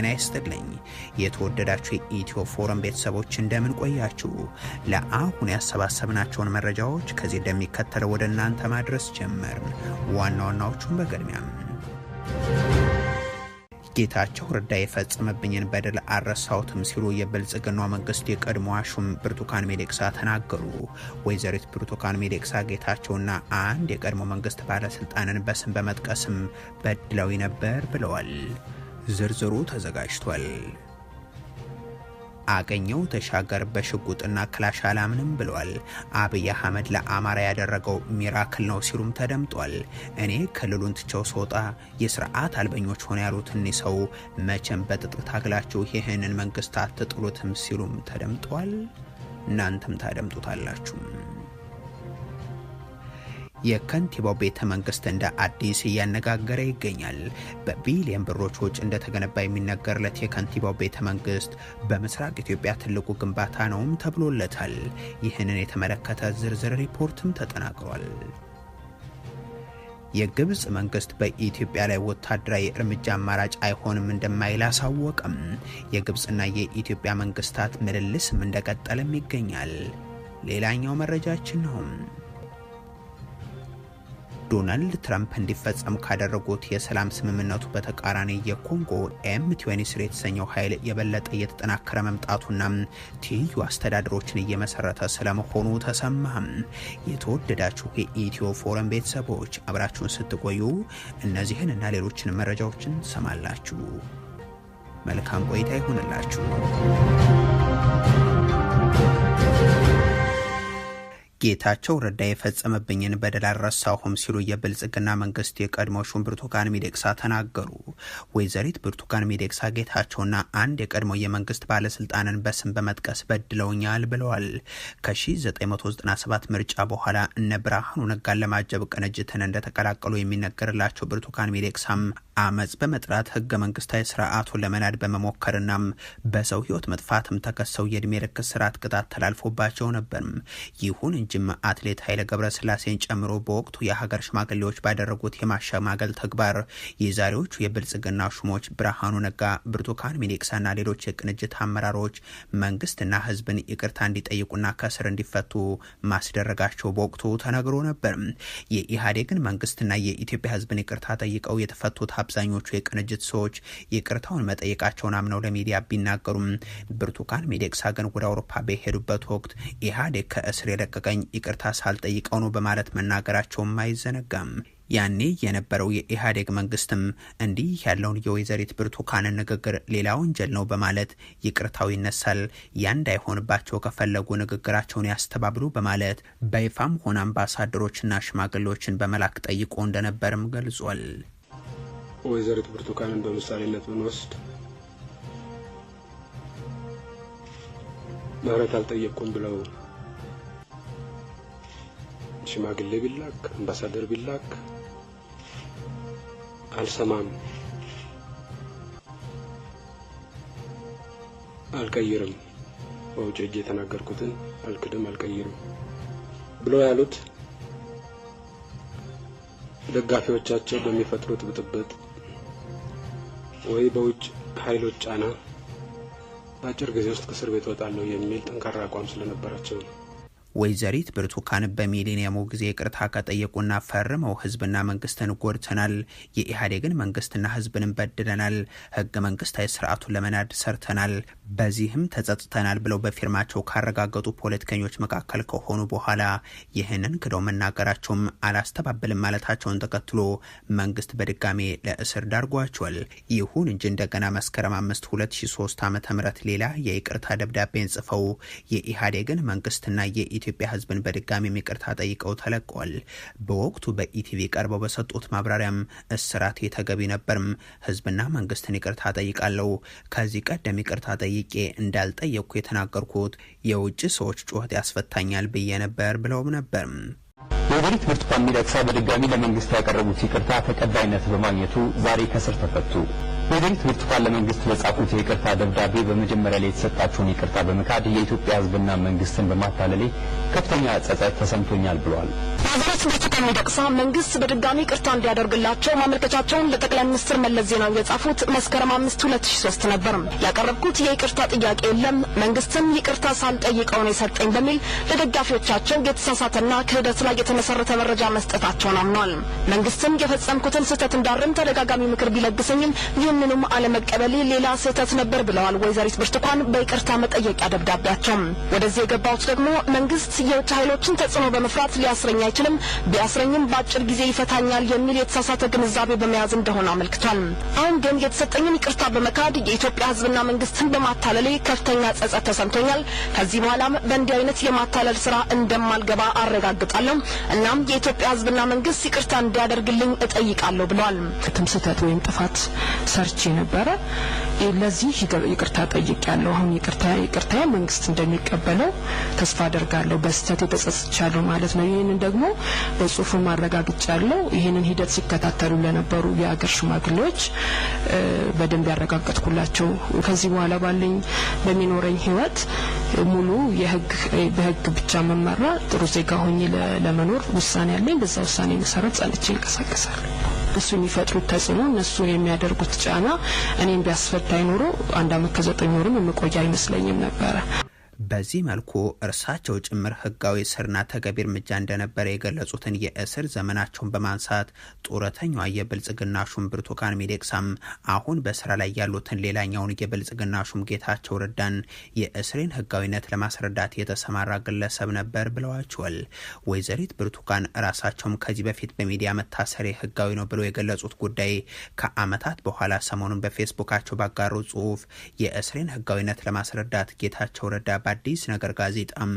ጤና ይስጥልኝ። የተወደዳችሁ የኢትዮ ፎረም ቤተሰቦች እንደምን ቆያችሁ? ለአሁን ያሰባሰብናቸውን መረጃዎች ከዚህ እንደሚከተለው ወደ እናንተ ማድረስ ጀመር ዋና ዋናዎቹን በቅድሚያ ጌታቸው ረዳ የፈጸመብኝን በደል አረሳውትም ሲሉ የብልጽግና መንግስት የቀድሞ ሹም ብርቱካን ሚደቅሳ ተናገሩ። ወይዘሪት ብርቱካን ሚደቅሳ ጌታቸውና አንድ የቀድሞ መንግስት ባለስልጣንን በስም በመጥቀስም በድለው ነበር ብለዋል። ዝርዝሩ ተዘጋጅቷል። አገኘው ተሻገር በሽጉጥና ክላሽ አላምንም ብለዋል። አብይ አህመድ ለአማራ ያደረገው ሚራክል ነው ሲሉም ተደምጧል። እኔ ክልሉን ትቸው ስወጣ የስርዓት አልበኞች ሆነ ያሉት እኒ ሰው መቼም በትጥቅ ታግላችሁ ይህንን መንግስት አትጥሉትም ሲሉም ተደምጧል። እናንተም ታደምጡታላችሁ። የከንቲባው ቤተ መንግስት እንደ አዲስ እያነጋገረ ይገኛል። በቢሊየን ብሮች ውጭ እንደተገነባ የሚነገርለት የከንቲባው ቤተ መንግስት በምስራቅ ኢትዮጵያ ትልቁ ግንባታ ነውም ተብሎለታል። ይህንን የተመለከተ ዝርዝር ሪፖርትም ተጠናቅሯል። የግብፅ መንግስት በኢትዮጵያ ላይ ወታደራዊ እርምጃ አማራጭ አይሆንም እንደማይል አሳወቅም። የግብፅና የኢትዮጵያ መንግስታት ምልልስም እንደቀጠለም ይገኛል። ሌላኛው መረጃችን ነው። ዶናልድ ትራምፕ እንዲፈጸም ካደረጉት የሰላም ስምምነቱ በተቃራኒ የኮንጎ ኤም ትዌንቲ የተሰኘው ኃይል የበለጠ እየተጠናከረ መምጣቱና ትይዩ አስተዳደሮችን እየመሰረተ ስለመሆኑ ተሰማ። የተወደዳችሁ የኢትዮ ፎረም ቤተሰቦች አብራችሁን ስትቆዩ እነዚህን እና ሌሎችን መረጃዎችን ሰማላችሁ። መልካም ቆይታ ይሆንላችሁ። ጌታቸው ረዳ የፈጸመብኝን በደል አልረሳሁም ሲሉ የብልጽግና መንግስት የቀድሞ ሹም ብርቱካን ሚደቅሳ ተናገሩ። ወይዘሪት ብርቱካን ሚደቅሳ ጌታቸውና አንድ የቀድሞ የመንግስት ባለስልጣንን በስም በመጥቀስ በድለውኛል ብለዋል። ከ1997 ምርጫ በኋላ እነ ብርሃኑ ነጋን ለማጀብ ቅንጅትን እንደተቀላቀሉ የሚነገርላቸው ብርቱካን ሚደቅሳም አመፅ በመጥራት ህገ መንግስታዊ ስርዓቱን ለመናድ በመሞከርና በሰው ህይወት መጥፋትም ተከሰው የእድሜ ልክ ስርዓት ቅጣት ተላልፎባቸው ነበር። ይሁን እንጂም አትሌት ኃይለ ገብረስላሴን ጨምሮ በወቅቱ የሀገር ሽማግሌዎች ባደረጉት የማሸማገል ተግባር የዛሬዎቹ የብልጽግና ሹሞች ብርሃኑ ነጋ፣ ብርቱካን ሚደቅሳና ሌሎች የቅንጅት አመራሮች መንግስትና ህዝብን ይቅርታ እንዲጠይቁና ከስር እንዲፈቱ ማስደረጋቸው በወቅቱ ተነግሮ ነበር። የኢህአዴግን መንግስትና የኢትዮጵያ ህዝብን ይቅርታ ጠይቀው የተፈቱት አብዛኞቹ የቅንጅት ሰዎች ይቅርታውን መጠየቃቸውን አምነው ለሚዲያ ቢናገሩም ብርቱካን ሚደቅሳ ግን ወደ አውሮፓ በሄዱበት ወቅት ኢህአዴግ ከእስር የለቀቀኝ ይቅርታ ሳልጠይቀው ነው በማለት መናገራቸውም አይዘነጋም። ያኔ የነበረው የኢህአዴግ መንግስትም እንዲህ ያለውን የወይዘሪት ብርቱካንን ንግግር ሌላ ወንጀል ነው በማለት ይቅርታው ይነሳል፣ ያ እንዳይሆንባቸው ከፈለጉ ንግግራቸውን ያስተባብሉ በማለት በይፋም ሆነ አምባሳደሮችና ሽማግሌዎችን በመላክ ጠይቆ እንደነበርም ገልጿል። ወይዘሪት ብርቱካንን በምሳሌነት ብንወስድ ምህረት አልጠየቅኩም ብለው ሽማግሌ ቢላክ አምባሳደር ቢላክ አልሰማም፣ አልቀይርም፣ በውጭ እጅ የተናገርኩትን አልክድም፣ አልቀይርም ብለው ያሉት ደጋፊዎቻቸው በሚፈጥሩት ብጥብጥ ወይ በውጭ ኃይሎች ጫና በአጭር ጊዜ ውስጥ ከእስር ቤት እወጣለሁ የሚል ጠንካራ አቋም ስለነበራቸው ነው። ወይዘሪት ብርቱካን በሚሊኒየሙ ጊዜ ቅርታ ከጠየቁና ፈርመው ህዝብና መንግስትን ጎድተናል፣ የኢህአዴግን መንግስትና ህዝብንም በድለናል፣ ህገ መንግስታዊ ስርዓቱን ለመናድ ሰርተናል፣ በዚህም ተጸጽተናል ብለው በፊርማቸው ካረጋገጡ ፖለቲከኞች መካከል ከሆኑ በኋላ ይህንን ክደው መናገራቸውም አላስተባበልም ማለታቸውን ተከትሎ መንግስት በድጋሜ ለእስር ዳርጓቸዋል። ይሁን እንጂ እንደገና መስከረም አምስት 2003 ዓ ም ሌላ የይቅርታ ደብዳቤን ጽፈው የኢህአዴግን መንግስትና የኢትዮጵያ ህዝብን በድጋሚ ይቅርታ ጠይቀው ተለቀዋል። በወቅቱ በኢቲቪ ቀርበው በሰጡት ማብራሪያም እስራት የተገቢ ነበርም፣ ህዝብና መንግስትን ይቅርታ ጠይቃለሁ። ከዚህ ቀደም ይቅርታ ጠይቄ እንዳልጠየቅኩ የተናገርኩት የውጭ ሰዎች ጩኸት ያስፈታኛል ብዬ ነበር ብለውም ነበር። ወይዘሪት ብርቱካን ሚደቅሳ በድጋሚ ለመንግስት ያቀረቡት ይቅርታ ተቀባይነት በማግኘቱ ዛሬ ከስር ተፈቱ። ፌዴሪክ ብርቱካን ለመንግስት በጻፉት የይቅርታ ደብዳቤ በመጀመሪያ ላይ የተሰጣቸውን ይቅርታ በመካድ የኢትዮጵያ ሕዝብና መንግስትን በማታለሌ ከፍተኛ ጸጸት ተሰምቶኛል ብለዋል። ሀገሮች ብርቱካን ሚደቅሳ መንግስት በድጋሚ ቅርታ እንዲያደርግላቸው ማመልከቻቸውን ለጠቅላይ ሚኒስትር መለስ ዜናዊ የጻፉት መስከረም አምስት ሁለት ሺ ሶስት ነበር። ያቀረብኩት የይቅርታ ጥያቄ የለም መንግስትም ይቅርታ ሳልጠይቀው ነው የሰጠኝ በሚል ለደጋፊዎቻቸው የተሳሳተና ክህደት ላይ የተመሰረተ መረጃ መስጠታቸውን አምኗል። መንግስትም የፈጸምኩትን ስህተት እንዳርም ተደጋጋሚ ምክር ቢለግሰኝም ይህም ይህንንም አለመቀበሌ ሌላ ስህተት ነበር ብለዋል ወይዘሪት ብርቱካን በይቅርታ መጠየቂያ ደብዳቤያቸው። ወደዚህ የገባሁት ደግሞ መንግስት የውጭ ኃይሎችን ተጽዕኖ በመፍራት ሊያስረኝ አይችልም፣ ቢያስረኝም በአጭር ጊዜ ይፈታኛል የሚል የተሳሳተ ግንዛቤ በመያዝ እንደሆነ አመልክቷል። አሁን ግን የተሰጠኝን ይቅርታ በመካድ የኢትዮጵያ ህዝብና መንግስትን በማታለሌ ከፍተኛ ጸጸት ተሰምቶኛል። ከዚህ በኋላም በእንዲህ አይነት የማታለል ስራ እንደማልገባ አረጋግጣለሁ። እናም የኢትዮጵያ ህዝብና መንግስት ይቅርታ እንዲያደርግልኝ እጠይቃለሁ ብለዋል። ትምስተት ወይም ጥፋት ሰርቼ ነበረ። ለዚህ ይቅርታ ያለው አሁን ይቅርታ ይቅርታ መንግስት እንደሚቀበለው ተስፋ አደርጋለሁ። በስህተት የተጸጽቻለሁ ማለት ነው። ይህንን ደግሞ በጽሁፍ ማረጋግጫለሁ። ይህንን ሂደት ሲከታተሉ ለነበሩ የአገር ሽማግሌዎች በደንብ ያረጋገጥኩላቸው። ከዚህ በኋላ ባለኝ በሚኖረኝ ህይወት ሙሉ በህግ ብቻ መመራ ጥሩ ዜጋ ሆኜ ለመኖር ውሳኔ ያለኝ በዛ ውሳኔ መሰረት ጸንቼ ይንቀሳቀሳል። እሱ የሚፈጥሩት ተጽዕኖ፣ እነሱ የሚያደርጉት ጫና እኔም ቢያስፈታኝ ኖሮ አንድ አመት ከዘጠኝ ወርም የምቆይ አይመስለኝም ነበረ። በዚህ መልኩ እርሳቸው ጭምር ህጋዊ ስርና ተገቢ እርምጃ እንደነበረ የገለጹትን የእስር ዘመናቸውን በማንሳት ጡረተኛዋ የብልጽግና ሹም ብርቱካን ሚደቅሳም አሁን በስራ ላይ ያሉትን ሌላኛውን የብልጽግና ሹም ጌታቸው ረዳን የእስሬን ህጋዊነት ለማስረዳት የተሰማራ ግለሰብ ነበር ብለዋቸዋል። ወይዘሪት ብርቱካን ራሳቸውም ከዚህ በፊት በሚዲያ መታሰሬ ህጋዊ ነው ብለው የገለጹት ጉዳይ ከአመታት በኋላ ሰሞኑን በፌስቡካቸው ባጋሩ ጽሁፍ የእስሬን ህጋዊነት ለማስረዳት ጌታቸው ረዳ አዲስ ነገር ጋዜጣም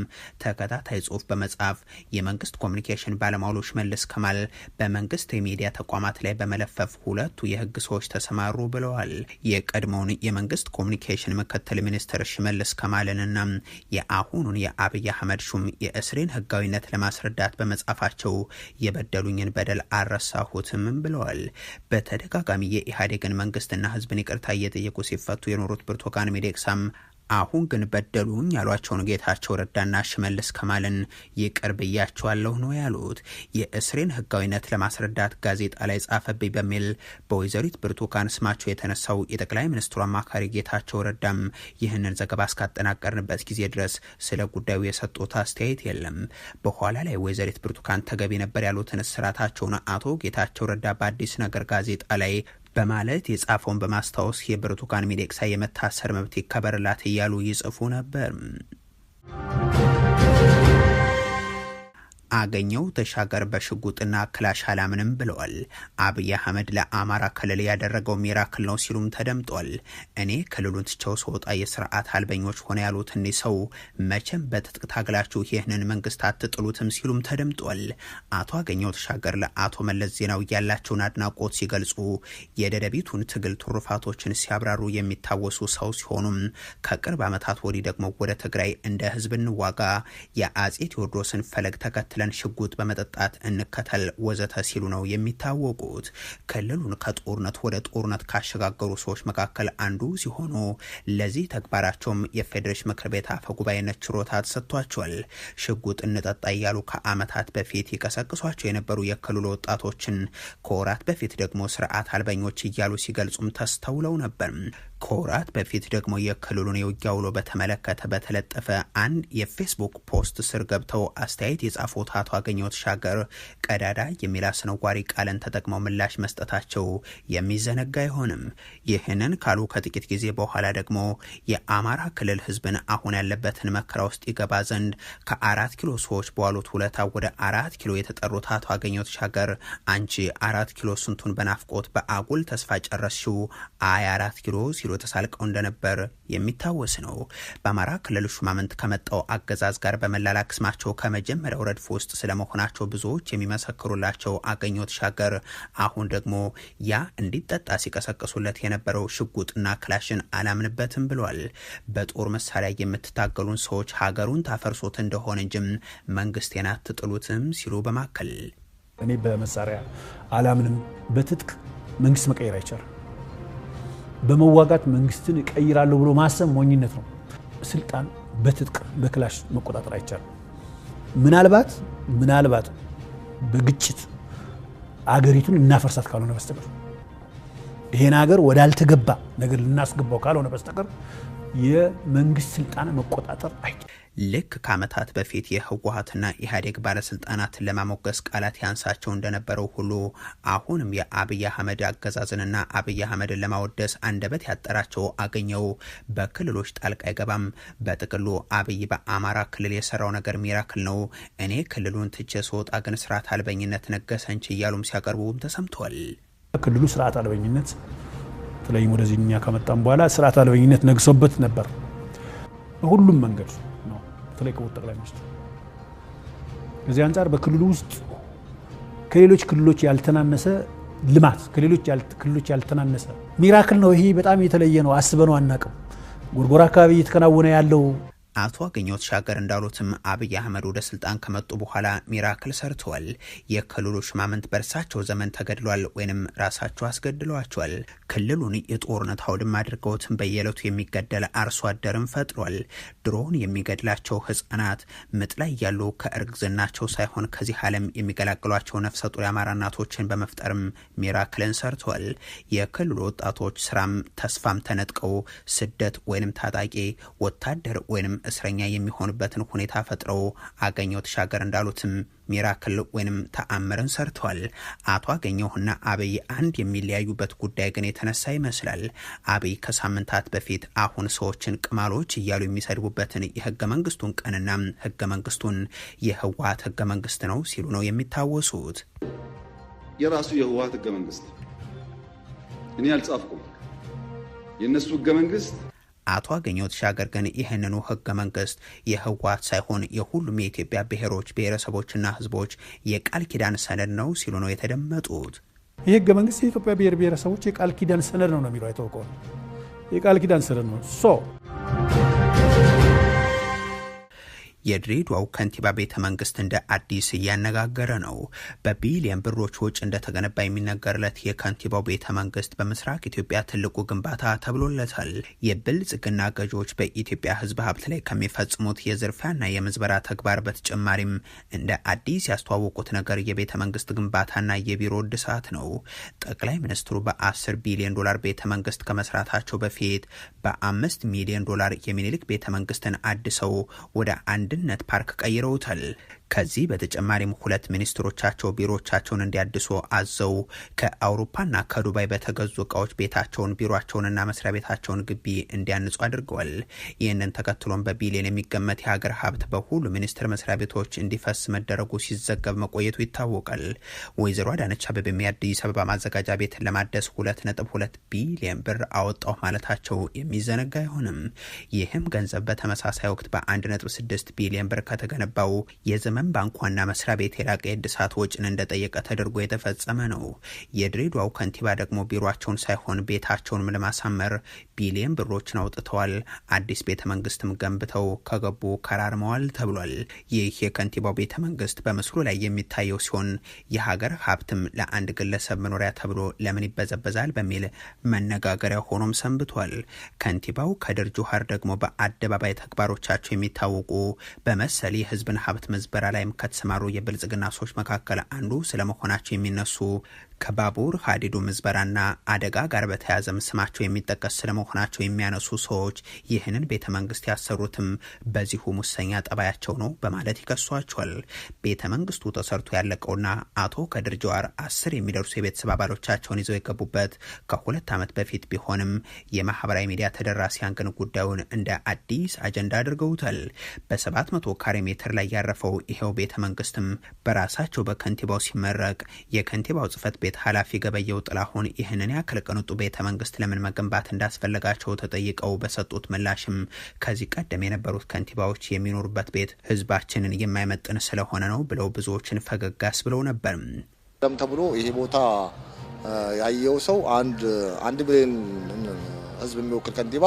ተከታታይ ጽሁፍ በመጻፍ የመንግስት ኮሚኒኬሽን ባለሙያዎች መለስ ከማል በመንግስት የሚዲያ ተቋማት ላይ በመለፈፍ ሁለቱ የህግ ሰዎች ተሰማሩ ብለዋል። የቀድሞውን የመንግስት ኮሚኒኬሽን ምክትል ሚኒስትር ሽመልስ ከማልንና የአሁኑን የአብይ አህመድ ሹም የእስሬን ህጋዊነት ለማስረዳት በመጻፋቸው የበደሉኝን በደል አልረሳሁትም ብለዋል። በተደጋጋሚ የኢህአዴግን መንግስትና ህዝብን ይቅርታ እየጠየቁ ሲፈቱ የኖሩት ብርቱካን ሚደቅሳም አሁን ግን በደሉኝ ያሏቸውን ጌታቸው ረዳና ሽመልስ ከማልን ይቅር ብያቸዋለሁ ነው ያሉት። የእስሬን ህጋዊነት ለማስረዳት ጋዜጣ ላይ ጻፈብኝ በሚል በወይዘሪት ብርቱካን ስማቸው የተነሳው የጠቅላይ ሚኒስትሩ አማካሪ ጌታቸው ረዳም ይህንን ዘገባ እስካጠናቀርንበት ጊዜ ድረስ ስለ ጉዳዩ የሰጡት አስተያየት የለም። በኋላ ላይ ወይዘሪት ብርቱካን ተገቢ ነበር ያሉትን እስራታቸውን አቶ ጌታቸው ረዳ በአዲስ ነገር ጋዜጣ ላይ በማለት የጻፈውን በማስታወስ የብርቱካን ሚደቅሳ የመታሰር መብት ይከበርላት እያሉ ይጽፉ ነበር። አገኘው ተሻገር በሽጉጥና ክላሽ አላምንም ብለዋል። አብይ አህመድ ለአማራ ክልል ያደረገው ሚራክል ነው ሲሉም ተደምጧል። እኔ ክልሉን ትቸው ስወጣ የስርዓት አልበኞች ሆነ ያሉት እኒህ ሰው መቼም በትጥቅ ታግላችሁ ይህንን መንግስት አትጥሉትም ሲሉም ተደምጧል። አቶ አገኘው ተሻገር ለአቶ መለስ ዜናዊ ያላቸውን አድናቆት ሲገልጹ የደደቢቱን ትግል ትሩፋቶችን ሲያብራሩ የሚታወሱ ሰው ሲሆኑም ከቅርብ ዓመታት ወዲህ ደግሞ ወደ ትግራይ እንደ ህዝብ እንዋጋ የአጼ ቴዎድሮስን ፈለግ ተከትለ ብለን ሽጉጥ በመጠጣት እንከተል ወዘተ ሲሉ ነው የሚታወቁት። ክልሉን ከጦርነት ወደ ጦርነት ካሸጋገሩ ሰዎች መካከል አንዱ ሲሆኑ ለዚህ ተግባራቸውም የፌዴሬሽን ምክር ቤት አፈ ጉባኤነት ችሮታ ተሰጥቷቸዋል። ሽጉጥ እንጠጣ እያሉ ከአመታት በፊት ይቀሰቅሷቸው የነበሩ የክልሉ ወጣቶችን ከወራት በፊት ደግሞ ስርዓት አልበኞች እያሉ ሲገልጹም ተስተውለው ነበር። ከወራት በፊት ደግሞ የክልሉን የውጊያ ውሎ በተመለከተ በተለጠፈ አንድ የፌስቡክ ፖስት ስር ገብተው አስተያየት የጻፉት አቶ አገኘሁ ተሻገር ቀዳዳ የሚል አስነዋሪ ቃልን ተጠቅመው ምላሽ መስጠታቸው የሚዘነጋ አይሆንም። ይህንን ካሉ ከጥቂት ጊዜ በኋላ ደግሞ የአማራ ክልል ህዝብን አሁን ያለበትን መከራ ውስጥ ይገባ ዘንድ ከአራት ኪሎ ሰዎች በዋሉት ውለታ ወደ አራት ኪሎ የተጠሩት አቶ አገኘሁ ተሻገር አንቺ አራት ኪሎ ስንቱን በናፍቆት በአጉል ተስፋ ጨረስሽው አይ አራት ኪሎ ሲሉ ቢሮ ተሳልቀው እንደነበር የሚታወስ ነው። በአማራ ክልል ሹማምንት ከመጣው አገዛዝ ጋር በመላላክ ስማቸው ከመጀመሪያው ረድፍ ውስጥ ስለመሆናቸው ብዙዎች የሚመሰክሩላቸው አገኘሁ ተሻገር አሁን ደግሞ ያ እንዲጠጣ ሲቀሰቅሱለት የነበረው ሽጉጥና ክላሽን አላምንበትም ብሏል። በጦር መሳሪያ የምትታገሉን ሰዎች ሀገሩን ታፈርሶት እንደሆነ እንጂም መንግስቴን አትጥሉትም ሲሉ በማከል እኔ በመሳሪያ አላምንም፣ በትጥቅ መንግስት መቀየር አይቻልም። በመዋጋት መንግስትን እቀይራለሁ ብሎ ማሰብ ሞኝነት ነው። ስልጣን በትጥቅ በክላሽ መቆጣጠር አይቻልም። ምናልባት ምናልባት በግጭት አገሪቱን እናፈርሳት ካልሆነ በስተቀር ይሄን ሀገር ወዳልተገባ ነገር ልናስገባው ካልሆነ በስተቀር የመንግስት ስልጣን መቆጣጠር አይቻልም። ልክ ከዓመታት በፊት የህወሀትና ኢህአዴግ ባለስልጣናትን ለማሞገስ ቃላት ያንሳቸው እንደነበረው ሁሉ አሁንም የአብይ አህመድ አገዛዝንና አብይ አህመድን ለማወደስ አንደበት ያጠራቸው አገኘው በክልሎች ጣልቃ አይገባም። በጥቅሉ አብይ በአማራ ክልል የሰራው ነገር ሚራክል ነው። እኔ ክልሉን ትቼ ስወጣ ግን ስርዓት አልበኝነት ነገሰንች እያሉም ሲያቀርቡም ተሰምቷል። ክልሉ ስርዓት አልበኝነት በተለይም ወደዚህ እኛ ከመጣም በኋላ ስርዓት አልበኝነት ነግሶበት ነበር በሁሉም መንገድ በተለይ ክቡር ጠቅላይ ሚኒስትሩ ከዚህ አንጻር በክልሉ ውስጥ ከሌሎች ክልሎች ያልተናነሰ ልማት ከሌሎች ክልሎች ያልተናነሰ ሚራክል ነው። ይሄ በጣም የተለየ ነው። አስበነው አናቅም። ጎርጎራ አካባቢ እየተከናወነ ያለው አቶ አገኘት ሻገር እንዳሉትም አብይ አህመድ ወደ ስልጣን ከመጡ በኋላ ሚራክል ሰርተዋል። የክልሉ ሽማምንት በእርሳቸው ዘመን ተገድሏል ወይንም ራሳቸው አስገድለዋቸዋል። ክልሉን የጦርነት አውድማ አድርገውትም በየዕለቱ የሚገደል አርሶ አደርም ፈጥሯል። ድሮውን የሚገድላቸው ህጻናት ምጥ ላይ ያሉ ከእርግዝናቸው ሳይሆን ከዚህ ዓለም የሚገላግሏቸው ነፍሰ ጡር የአማራ እናቶችን በመፍጠርም ሚራክልን ሰርተዋል። የክልሉ ወጣቶች ስራም ተስፋም ተነጥቀው ስደት ወይንም ታጣቂ ወታደር ወይንም እስረኛ የሚሆንበትን ሁኔታ ፈጥረው አገኘው ተሻገር እንዳሉትም ሚራክል ወይንም ተአምርን ሰርተዋል። አቶ አገኘሁና አብይ አንድ የሚለያዩበት ጉዳይ ግን የተነሳ ይመስላል። አብይ ከሳምንታት በፊት አሁን ሰዎችን ቅማሎች እያሉ የሚሰድቡበትን የህገ መንግስቱን ቀንና ህገ መንግስቱን የህወሀት ህገ መንግስት ነው ሲሉ ነው የሚታወሱት። የራሱ የህወሀት ህገ መንግስት እኔ አልጻፍኩም። የእነሱ ህገ መንግስት አቶ አገኘው ተሻገር ግን ይህንኑ ህገ መንግስት የህወሓት ሳይሆን የሁሉም የኢትዮጵያ ብሔሮች ብሔረሰቦችና ህዝቦች የቃል ኪዳን ሰነድ ነው ሲሉ ነው የተደመጡት። ይህ ህገ መንግስት የኢትዮጵያ ብሔር ብሔረሰቦች የቃል ኪዳን ሰነድ ነው ነው የሚለው አይታወቀው የቃል ኪዳን ሰነድ ነው ሶ የድሬዳዋው ከንቲባ ቤተ መንግስት እንደ አዲስ እያነጋገረ ነው። በቢሊየን ብሮች ወጪ እንደተገነባ የሚነገርለት የከንቲባው ቤተ መንግስት በምስራቅ ኢትዮጵያ ትልቁ ግንባታ ተብሎለታል። የብልጽግና ገዢዎች በኢትዮጵያ ህዝብ ሀብት ላይ ከሚፈጽሙት የዝርፊያና የምዝበራ ተግባር በተጨማሪም እንደ አዲስ ያስተዋወቁት ነገር የቤተ መንግስት ግንባታና የቢሮ እድሳት ነው። ጠቅላይ ሚኒስትሩ በ10 ቢሊዮን ዶላር ቤተ መንግስት ከመስራታቸው በፊት በአምስት ሚሊዮን ዶላር የሚኒልክ ቤተ መንግስትን አድሰው ወደ አንድ አንድነት ፓርክ ቀይረውታል። ከዚህ በተጨማሪም ሁለት ሚኒስትሮቻቸው ቢሮዎቻቸውን እንዲያድሱ አዘው ከአውሮፓና ከዱባይ በተገዙ እቃዎች ቤታቸውን ቢሮቸውንና መስሪያ ቤታቸውን ግቢ እንዲያንጹ አድርገዋል። ይህንን ተከትሎም በቢሊዮን የሚገመት የሀገር ሀብት በሁሉ ሚኒስቴር መስሪያ ቤቶች እንዲፈስ መደረጉ ሲዘገብ መቆየቱ ይታወቃል። ወይዘሮ አዳነች አቤቤ የአዲስ አበባ ማዘጋጃ ቤትን ለማደስ ሁለት ነጥብ ሁለት ቢሊዮን ብር አወጣው ማለታቸው የሚዘነጋ አይሆንም። ይህም ገንዘብ በተመሳሳይ ወቅት በአንድ ነጥብ ስድስት ቢሊዮን ብር ከተገነባው የዘመ ከብርሃን ባንክ ዋና መስሪያ ቤት የላቀ የእድሳት ወጪን እንደጠየቀ ተደርጎ የተፈጸመ ነው። የድሬዳዋው ከንቲባ ደግሞ ቢሮቸውን ሳይሆን ቤታቸውንም ለማሳመር ቢሊየን ብሮችን አውጥተዋል፣ አዲስ ቤተ መንግስትም ገንብተው ከገቡ ከራርመዋል ተብሏል። ይህ የከንቲባው ቤተ መንግስት በምስሉ ላይ የሚታየው ሲሆን የሀገር ሀብትም ለአንድ ግለሰብ መኖሪያ ተብሎ ለምን ይበዘበዛል በሚል መነጋገሪያ ሆኖም ሰንብቷል። ከንቲባው ከድር ጁሃር ደግሞ በአደባባይ ተግባሮቻቸው የሚታወቁ በመሰል የህዝብን ሀብት መዝበር በረራ ላይም ከተሰማሩ የብልጽግና ሰዎች መካከል አንዱ ስለመሆናቸው የሚነሱ ከባቡር ሀዲዱ ምዝበራና አደጋ ጋር በተያያዘም ስማቸው የሚጠቀስ ስለመሆናቸው የሚያነሱ ሰዎች ይህንን ቤተ መንግስት ያሰሩትም በዚሁ ሙሰኛ ጠባያቸው ነው በማለት ይከሷቸዋል። ቤተ መንግስቱ ተሰርቶ ያለቀውና አቶ ከድር ጀዋር አስር የሚደርሱ የቤተሰብ አባሎቻቸውን ይዘው የገቡበት ከሁለት ዓመት በፊት ቢሆንም የማህበራዊ ሚዲያ ተደራሲያን ግን ጉዳዩን እንደ አዲስ አጀንዳ አድርገውታል። በ በ700 ካሬ ሜትር ላይ ያረፈው ይኸው ቤተ መንግስትም በራሳቸው በከንቲባው ሲመረቅ የከንቲባው ጽፈት ቤት ኃላፊ ገበየው ጥላሁን ይህንን ያክል ቅንጡ ቤተ መንግስት ለምን መገንባት እንዳስፈለጋቸው ተጠይቀው በሰጡት ምላሽም ከዚህ ቀደም የነበሩት ከንቲባዎች የሚኖሩበት ቤት ህዝባችንን የማይመጥን ስለሆነ ነው ብለው ብዙዎችን ፈገጋስ ብለው ነበር። ደም ተብሎ ይሄ ቦታ ያየው ሰው አንድ አንድ ብሌን ህዝብ የሚወክል ከንቲባ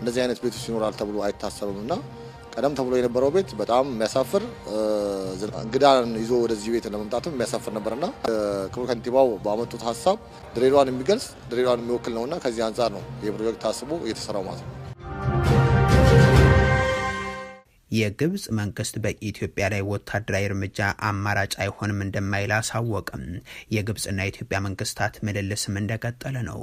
እንደዚህ አይነት ቤቶች ይኖራል ተብሎ አይታሰብም እና ቀደም ተብሎ የነበረው ቤት በጣም የሚያሳፍር እንግዳን ይዞ ወደዚህ ቤት ለመምጣትም የሚያሳፍር ነበርና ክቡር ከንቲባው ባመጡት ሀሳብ ድሬዳዋን የሚገልጽ ድሬዳዋን የሚወክል ነውና ከዚህ አንጻር ነው የፕሮጀክት ታስቦ እየተሰራው ማለት ነው። የግብፅ መንግስት በኢትዮጵያ ላይ ወታደራዊ እርምጃ አማራጭ አይሆንም እንደማይል አሳወቅም። የግብፅና የኢትዮጵያ መንግስታት ምልልስም እንደቀጠለ ነው።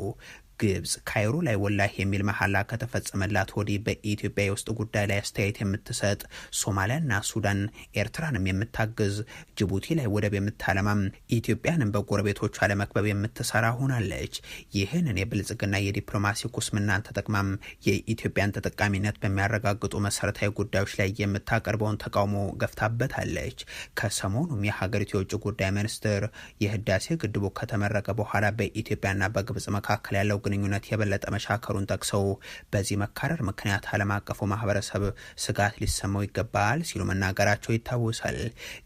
ግብጽ ካይሮ ላይ ወላህ የሚል መሐላ ከተፈጸመላት ወዲህ በኢትዮጵያ የውስጥ ጉዳይ ላይ አስተያየት የምትሰጥ፣ ሶማሊያና ሱዳን ኤርትራንም የምታግዝ፣ ጅቡቲ ላይ ወደብ የምታለማም፣ ኢትዮጵያንም በጎረቤቶቿ ለመክበብ የምትሰራ ሆናለች። ይህንን የብልጽግና የዲፕሎማሲ ኩስምናን ተጠቅማም የኢትዮጵያን ተጠቃሚነት በሚያረጋግጡ መሰረታዊ ጉዳዮች ላይ የምታቀርበውን ተቃውሞ ገፍታበታለች። ከሰሞኑም የሀገሪቱ የውጭ ጉዳይ ሚኒስትር የህዳሴ ግድቡ ከተመረቀ በኋላ በኢትዮጵያና በግብጽ መካከል ያለው ግንኙነት የበለጠ መሻከሩን ጠቅሰው በዚህ መካረር ምክንያት ዓለም አቀፉ ማህበረሰብ ስጋት ሊሰማው ይገባል ሲሉ መናገራቸው ይታወሳል።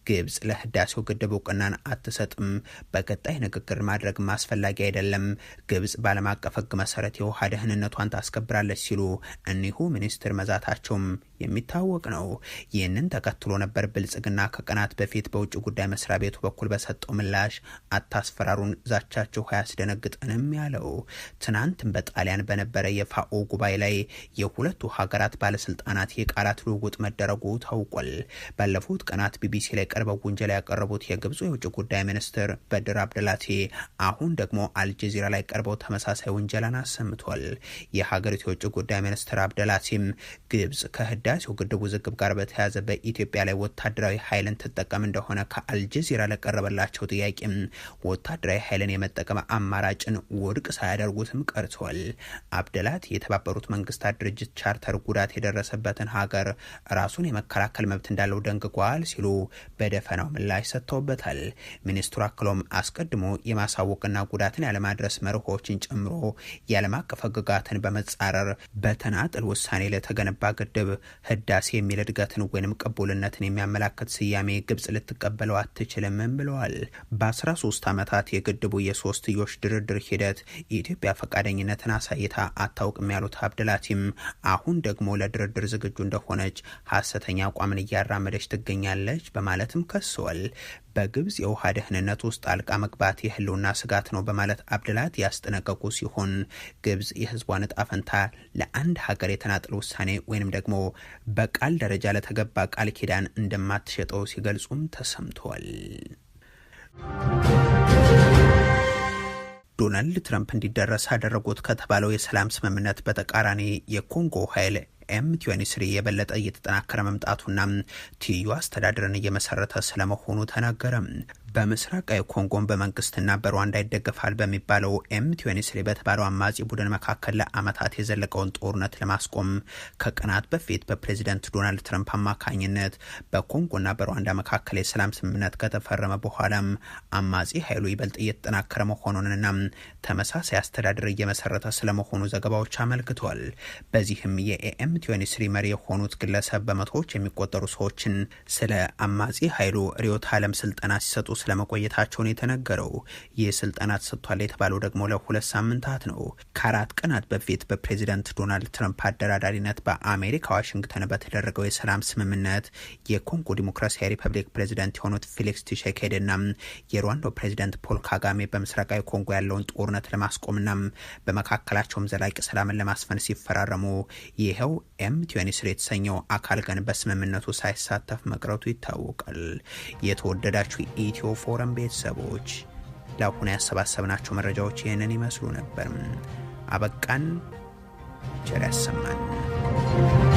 ግብጽ ለህዳሴው ግድብ እውቅናን አትሰጥም፣ በቀጣይ ንግግር ማድረግ አስፈላጊ አይደለም፣ ግብጽ በዓለም አቀፍ ህግ መሰረት የውሃ ደህንነቷን ታስከብራለች ሲሉ እኒሁ ሚኒስትር መዛታቸውም የሚታወቅ ነው። ይህንን ተከትሎ ነበር ብልጽግና ከቀናት በፊት በውጭ ጉዳይ መስሪያ ቤቱ በኩል በሰጠው ምላሽ አታስፈራሩን፣ ዛቻችሁ አያስደነግጠንም ያለው። ትናንትም በጣሊያን በነበረ የፋኦ ጉባኤ ላይ የሁለቱ ሀገራት ባለስልጣናት የቃላት ልውውጥ መደረጉ ታውቋል። ባለፉት ቀናት ቢቢሲ ላይ ቀርበው ውንጀላ ያቀረቡት የግብፁ የውጭ ጉዳይ ሚኒስትር በድር አብደላቴ አሁን ደግሞ አልጀዚራ ላይ ቀርበው ተመሳሳይ ውንጀላን አሰምቷል። የሀገሪቱ የውጭ ጉዳይ ሚኒስትር አብደላቴም ግብፅ ከህዳሴው ግድብ ውዝግብ ጋር በተያያዘ በኢትዮጵያ ላይ ወታደራዊ ኃይልን ትጠቀም እንደሆነ ከአልጀዚራ ለቀረበላቸው ጥያቄም ወታደራዊ ኃይልን የመጠቀም አማራጭን ውድቅ ሳያደርጉትም ሳይደርስም ቀርቷል። አብደላት የተባበሩት መንግስታት ድርጅት ቻርተር ጉዳት የደረሰበትን ሀገር ራሱን የመከላከል መብት እንዳለው ደንግጓል ሲሉ በደፈናው ምላሽ ሰጥተውበታል። ሚኒስትሩ አክሎም አስቀድሞ የማሳወቅና ጉዳትን ያለማድረስ መርሆችን ጨምሮ የዓለም አቀፍ ህግጋትን በመጻረር በተናጥል ውሳኔ ለተገነባ ግድብ ህዳሴ የሚል እድገትን ወይም ቅቡልነትን የሚያመላክት ስያሜ ግብጽ ልትቀበለው አትችልም ብለዋል። በ13 ዓመታት የግድቡ የሶስትዮሽ ድርድር ሂደት የኢትዮጵያ ፈቃደኝነትን አሳይታ አታውቅም ያሉት አብደላቲም አሁን ደግሞ ለድርድር ዝግጁ እንደሆነች ሀሰተኛ አቋምን እያራመደች ትገኛለች በማለትም ከሰዋል። በግብጽ የውሃ ደህንነት ውስጥ ጣልቃ መግባት የህልውና ስጋት ነው በማለት አብድላት ያስጠነቀቁ ሲሆን ግብጽ የህዝቧን እጣ ፈንታ ለአንድ ሀገር የተናጥል ውሳኔ ወይንም ደግሞ በቃል ደረጃ ለተገባ ቃል ኪዳን እንደማትሸጠው ሲገልጹም ተሰምተዋል። ዶናልድ ትራምፕ እንዲደረስ አደረጉት ከተባለው የሰላም ስምምነት በተቃራኒ የኮንጎ ኃይል ኤም የበለጠ እየተጠናከረ መምጣቱና ትይዩ አስተዳደርን እየመሰረተ ስለመሆኑ ተናገረ። በምስራቃዊ ኮንጎን በመንግስትና በሩዋንዳ ይደገፋል በሚባለው ኤም በተባለው አማጺ ቡድን መካከል ለአመታት የዘለቀውን ጦርነት ለማስቆም ከቀናት በፊት በፕሬዚደንት ዶናልድ ትራምፕ አማካኝነት በኮንጎና በሩዋንዳ መካከል የሰላም ስምምነት ከተፈረመ በኋላም አማጺ ኃይሉ ይበልጥ እየተጠናከረ መሆኑንና ተመሳሳይ አስተዳደር እየመሰረተ ስለመሆኑ ዘገባዎች አመልክቷል። በዚህም የኤም መሪ የሆኑት ግለሰብ በመቶዎች የሚቆጠሩ ሰዎችን ስለ አማጺ ኃይሉ ሪዮት አለም ስልጠና ሲሰጡ ስለመቆየታቸውን የተነገረው ይህ ስልጠና ተሰጥቷል የተባለው ደግሞ ለሁለት ሳምንታት ነው። ከአራት ቀናት በፊት በፕሬዚደንት ዶናልድ ትራምፕ አደራዳሪነት በአሜሪካ ዋሽንግተን በተደረገው የሰላም ስምምነት የኮንጎ ዲሞክራሲያዊ ሪፐብሊክ ፕሬዚደንት የሆኑት ፊሊክስ ቲሼኬድና የሩዋንዳው ፕሬዚደንት ፖል ካጋሜ በምስራቃዊ ኮንጎ ያለውን ጦርነት ለማስቆምና በመካከላቸውም ዘላቂ ሰላምን ለማስፈን ሲፈራረሙ ይኸው ኤም የተሰኘው አካል ግን በስምምነቱ ሳይሳተፍ መቅረቱ ይታወቃል። የተወደዳችሁ ኢትዮ ፎረም ቤተሰቦች ለአሁን ያሰባሰብናቸው መረጃዎች ይህንን ይመስሉ ነበር። አበቃን። ቸር ያሰማን።